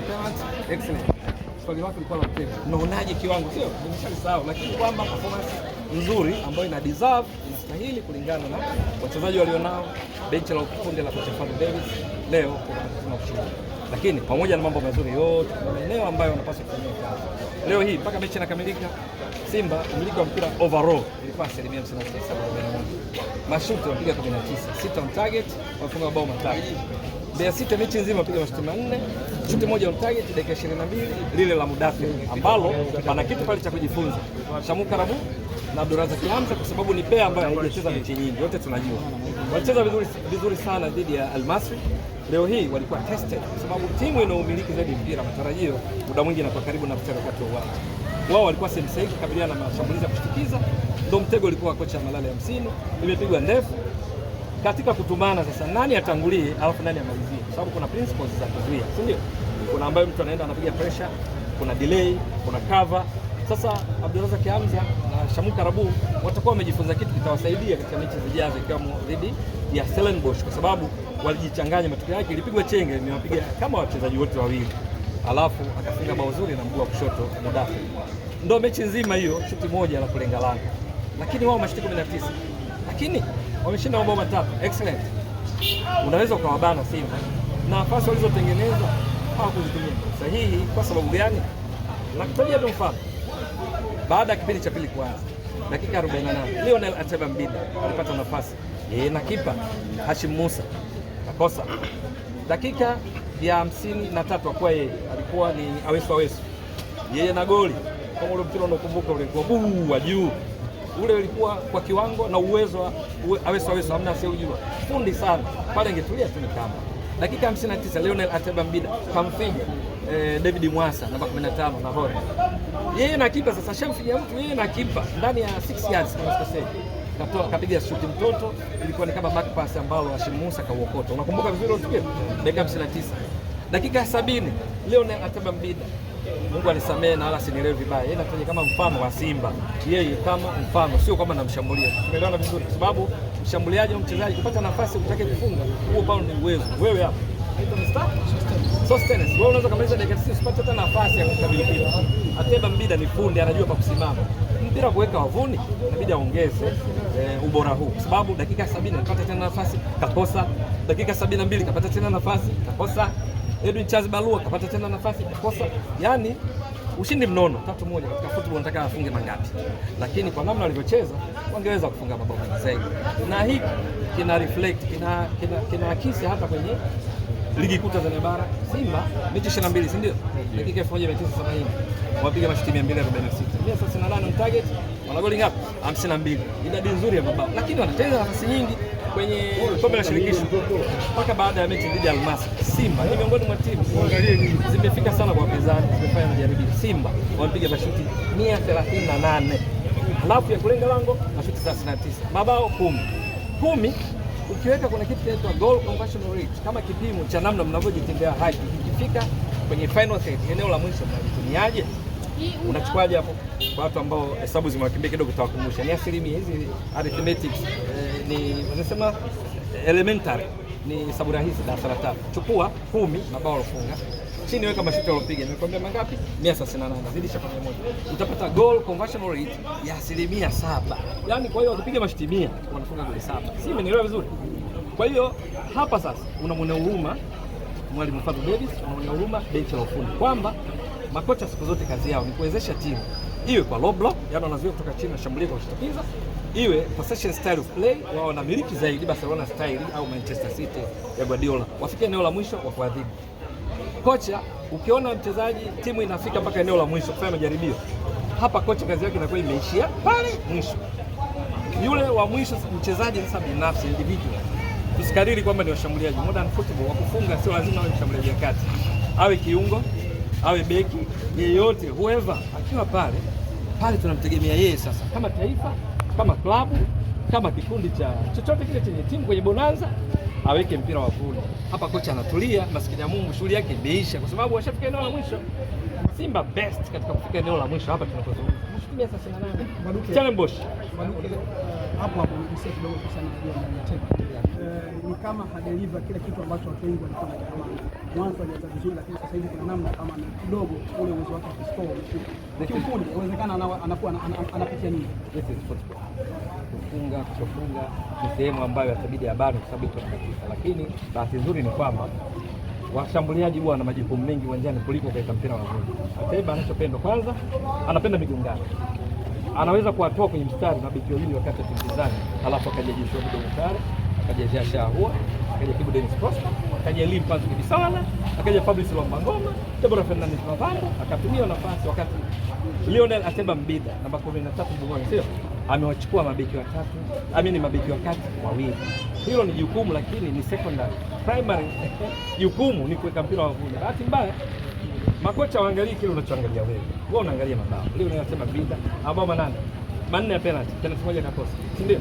kupiga penalty excellent. Swali lako lilikuwa la mtego. Unaonaje kiwango sio? Nimeshasahau lakini kwamba performance nzuri ambayo ina deserve inastahili kulingana na wachezaji walionao, benchi la ufundi la kocha Fadlu Davis leo kwa kushinda. Lakini pamoja na mambo mazuri yote, na maeneo ambayo wanapaswa kufanyia kazi. Leo hii mpaka mechi inakamilika, Simba umiliki wa mpira overall ilikuwa asilimia 59.41. Mashuti wapiga 19, sita on target, wafunga mabao matatu. Mbeya City mechi nzima piga mashuti manne, shuti moja on target, dakika 22 lile la Mudafi ambalo pana kitu pale cha kujifunza Shamuka Rabu na Abdurazaki Hamza, kwa sababu ni Mbeya ambayo haijacheza mechi nyingi, wote tunajua walicheza vizuri, vizuri sana dhidi ya Almasri. Leo hii walikuwa tested, kwa sababu timu inaomiliki zaidi mpira, matarajio muda mwingi inakuwa karibu na wakati wa uwanja wao walikuwa sehemu sahihi kukabiliana na mashambulizi ya kushtukiza, ndio mtego ulikuwa kocha Malale hamsini, imepigwa ndefu katika kutumana sasa, nani atangulie alafu nani amalizie, kwa sababu kuna principles za kuzuia, si ndio? Kuna ambayo mtu anaenda anapiga pressure, kuna delay, kuna cover. Sasa Abdulrazak Hamza na Shamu Karabu watakuwa wamejifunza kitu kitawasaidia katika mechi zijazo, ikiwemo dhidi ya Stellenbosch, kwa sababu walijichanganya. Matokeo yake ilipigwa chenge, nimewapiga kama wachezaji wote wawili, alafu akafunga bao zuri na mguu wa kushoto Mudafi. Ndio mechi nzima hiyo, shuti moja la kulenga lango, lakini wao mashuti 19 lakini wameshinda mabao matatu excellent. Unaweza ukawabana Simba na nafasi walizotengeneza hawakuzitumia sahihi. Kwa sababu gani? Nakutajia tu mfano, baada ya kipindi cha pili kuanza, dakika 48 Lionel Ateba Mbida alipata nafasi yeye na kipa Hashim Musa kakosa. Dakika ya hamsini na tatu akuwa yeye alikuwa ni awesu awesu, yeye na goli kama ule mpira unaokumbuka, ulikuwa buu wa juu ule ulikuwa kwa kiwango na uwezo uwe, awesa aweso hamna asiyeujua fundi sana pale, ingetulia tu ni kamba. Dakika 59 Lionel Ateba Mbida kamfinya eh, David Mwasa namba 15 na Hore yeye na kipa sasa, shamfinya mtu yeye na kipa ndani ya 6 yards kama sikosei katoa kapiga shuti mtoto, ilikuwa ni kama back pass ambalo Hashim Musa kauokota. Unakumbuka vizuri ile dakika 59, dakika 70 Lionel Ateba Mbida Mungu anisamehe na wala sinielewe vibaya, yeye anafanya kama mfano wa Simba, yeye kama mfano, sio kama namshambulia. Tumeelewana vizuri, kwa sababu mshambuliaji au mchezaji kupata nafasi kutaka kufunga, huo pao ni uwezo wewe hapa Sostenes, wewe unaweza kumaliza dakika 90 usipate hata nafasi ya kukabili mpira. Ateba Mbida ni fundi, anajua pa kusimama mpira kuweka wavuni, inabidi aongeze eh, ubora huu, kwa sababu dakika 70 anapata tena nafasi kakosa, dakika 72 kapata tena nafasi kakosa. Edwin Charles Barua kapata tena nafasi kosa, yani ushindi mnono tatu moja katika football, nataka afunge mangapi? Lakini kwa namna walivyocheza wangeweza kufunga mabao mengi zaidi, na hii kina reflect kina kinaakisi kina hata kwenye ligi kuu Tanzania bara, Simba mechi 22 si ndio? Ndio. dakika 1970 wapiga mashuti 246 Mimi sasa 168 on target, wana goli ngapi? 52. Idadi nzuri ya mabao, lakini wanacheza nafasi nyingi kwenye kombe la shirikisho mpaka baada ya mechi dhidi ya Almasi. Simba ni miongoni mwa timu zimefika sana kwa wapinzani, zimefanya majaribio. Simba wamepiga mashuti 138 alafu ya kulenga lango mashuti 39, mabao kumi kumi ukiweka kuna kitu kinaitwa goal conversion rate kama kipimo cha namna mnavyojitendea haki, ikifika kwenye final third, eneo la mwisho mnalitumiaje? Unachukuaje hapo kwa watu ambao hesabu zimewakimbia kidogo? Utawakumbusha ni asilimia hizi, arithmetic eh, ni unasema elementary, ni hesabu rahisi darasa la tatu. Chukua kumi mabao alofunga chini, weka mashuti alopiga. Nimekwambia mangapi? 168 zidisha kwa moja, utapata goal conversion rate ya asilimia saba. Yani kwa hiyo wakipiga mashuti 100 wanafunga goli saba, si umenielewa vizuri? Kwa hiyo hapa sasa unamwonea huruma mwalimu Fadlu Davis, unamwonea huruma benchi la ufundi kwamba makocha siku zote kazi yao ni kuwezesha timu iwe kwa low block, yani wanazuia kutoka chini na shambulia kwa kushtukiza, iwe possession style of play, wao wanamiliki zaidi Barcelona style au Manchester City ya Guardiola, wafike eneo la mwisho wa kuadhibu kocha. Ukiona mchezaji timu inafika mpaka eneo la mwisho kufanya majaribio, hapa kocha kazi yake inakuwa imeishia pale mwisho. Yule wa mwisho mchezaji sasa binafsi, individual, tusikariri kwamba ni washambuliaji. Modern football wa kufunga sio lazima awe mshambuliaji kati, awe kiungo awe beki yeyote, whoever akiwa pale pale, tunamtegemea yeye sasa, kama taifa, kama klabu, kama kikundi cha chochote kile chenye timu kwenye bonanza aweke mpira wa wavuni. Hapa kocha anatulia, maskini ya Mungu, shughuli yake imeisha, kwa sababu washafika eneo la mwisho. Simba best katika kufika eneo la mwisho hapa tunapozungumza. Challenge hapo hapo, kidogo sana Eh, ni kama hadeliva kile kitu ambacho watu wengi walikuwa wanatamani. Mwanzo alianza vizuri, lakini sasa hivi kuna namna kama ni kidogo ule uwezo wake wa kustore umeshuka. Kiufundi inawezekana anakuwa anapitia nini, kufunga kutofunga ni sehemu ambayo yatabidi habari kwa sababu iko katika, lakini bahati nzuri ni kwamba washambuliaji huwa wana majukumu mengi uwanjani kuliko katika mpira wa mguu. Ateba anachopenda kwanza, anapenda migongano anaweza kuwatoa kwenye mstari mabeki wawili wakati wa timu pinzani, alafu akajajishwa kidogo sare akaja Jasha Ahua, akaja Kibu Dennis Prosper, akaja Elim Panzu Kibisala, akaja Fabrice Lomba Ngoma, Deborah Fernandez Mavambo, akatumia nafasi wakati Lionel Ateba Mbida namba 13 mgongoni, sio amewachukua mabeki watatu, amini mabeki wakati wawili. Hilo ni jukumu, lakini ni secondary. Primary jukumu ni kuweka mpira wa vuni. Bahati mbaya makocha waangalie kile unachoangalia wewe, wewe unaangalia mabao. Leo unasema Bida, mabao manane manne ya penalty, penalty moja kakosa, si ndio?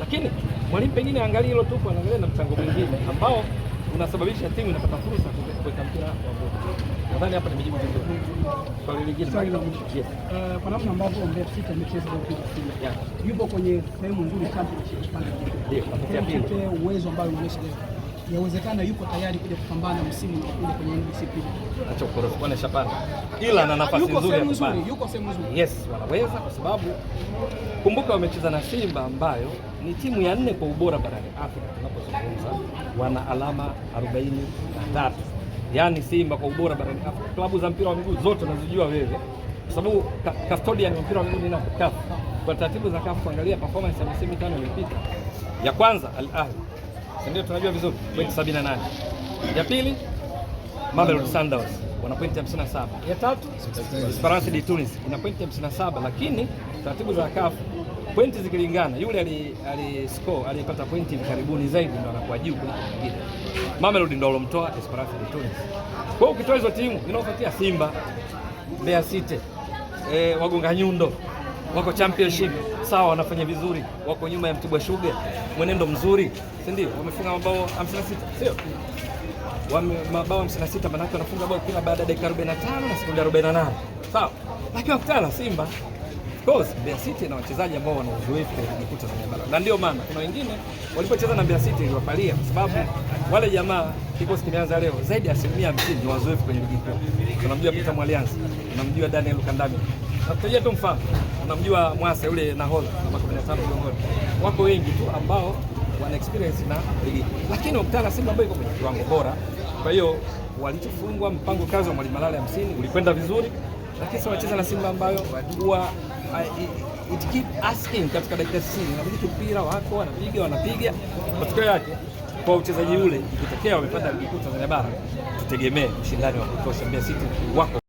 lakini mwalimu pengine angalia hilo tupo, anaangalia na mchango mwingine ambao unasababisha timu inapata fursa kuweka mpira wa goli. Nadhani hapa nimejibu vizuri swali lingine. Swali la mwisho, uh, kwa namna ambavyo Mbeya City amecheza leo kwa Simba, yupo kwenye sehemu nzuri championship, ndio uwezo ambao unaonyesha leo yawezekana yuko tayari kuja kupambana msimu unaokuja kwenye NBC. Acha ukorofi kwa ila ana nafasi nzuri ya kupambana, yuko sehemu nzuri. Yes, wanaweza kwa sababu kumbuka wamecheza na Simba ambayo ni timu ya nne kwa ubora barani Afrika tunapozungumza, wana alama 43. Yaani Simba kwa ubora barani Afrika, klabu za mpira wa miguu zote unazijua wewe, kwa sababu custodian wa mpira wa miguu ni CAF. Kwa taratibu za CAF, kuangalia performance ya misimu mitano iliyopita, ya kwanza Al Ahly ndio tunajua vizuri pointi 78. Ya pili Mamelodi Sundowns wana pointi 57. Ya tatu Esperance de Tunis ina pointi 57, lakini taratibu za kafu pointi zikilingana, yule aliscore alipata pointi hivi karibuni zaidi ndio anakuwa juu kuliko mwingine. Mamelodi ndio alomtoa Esperance de Tunis. Kwa hiyo ukitoa hizo timu inaofuatia Simba, Mbeya City, eh, Wagonga Nyundo wako championship sawa, wanafanya vizuri, wako nyuma ya Mtibwa Sugar, mwenendo mzuri, si ndio? Wamefunga mabao 56 sio wame mabao 56, manake wanafunga bao kila baada ya dakika 45 na sekunde 48, sawa. Lakini wakutana Simba, of course Mbeya City na wachezaji ambao wana uzoefu kwenye kuta za barabara, na ndio maana kuna wengine walipocheza na Mbeya City iliwapalia, kwa sababu wale jamaa kikosi kimeanza leo, zaidi ya asilimia 50 ni wazoefu kwenye ligi kuu. Tunamjua Peter Mwalianzi, tunamjua Daniel Kandami Nakutajia tu mfano, unamjua Mwase yule nahodha namba 15 miongoni. wako wengi tu ambao wana experience na ligi, lakini wakutana Simba ambayo iko kwenye kiwango bora. Kwa hiyo walichofungwa, mpango kazi wa Mwalimu Malale 50 ulikwenda vizuri, lakini sasa wacheza na Simba ambayo huwa ah, it keep asking katika dakika 60 na inabidi mpira wako wanapiga wanapiga. Matokeo yake kwa uchezaji ule ikitokea wamepata ligi kuu Tanzania bara, tutegemee ushindani wa kutosha. Mbeya City wako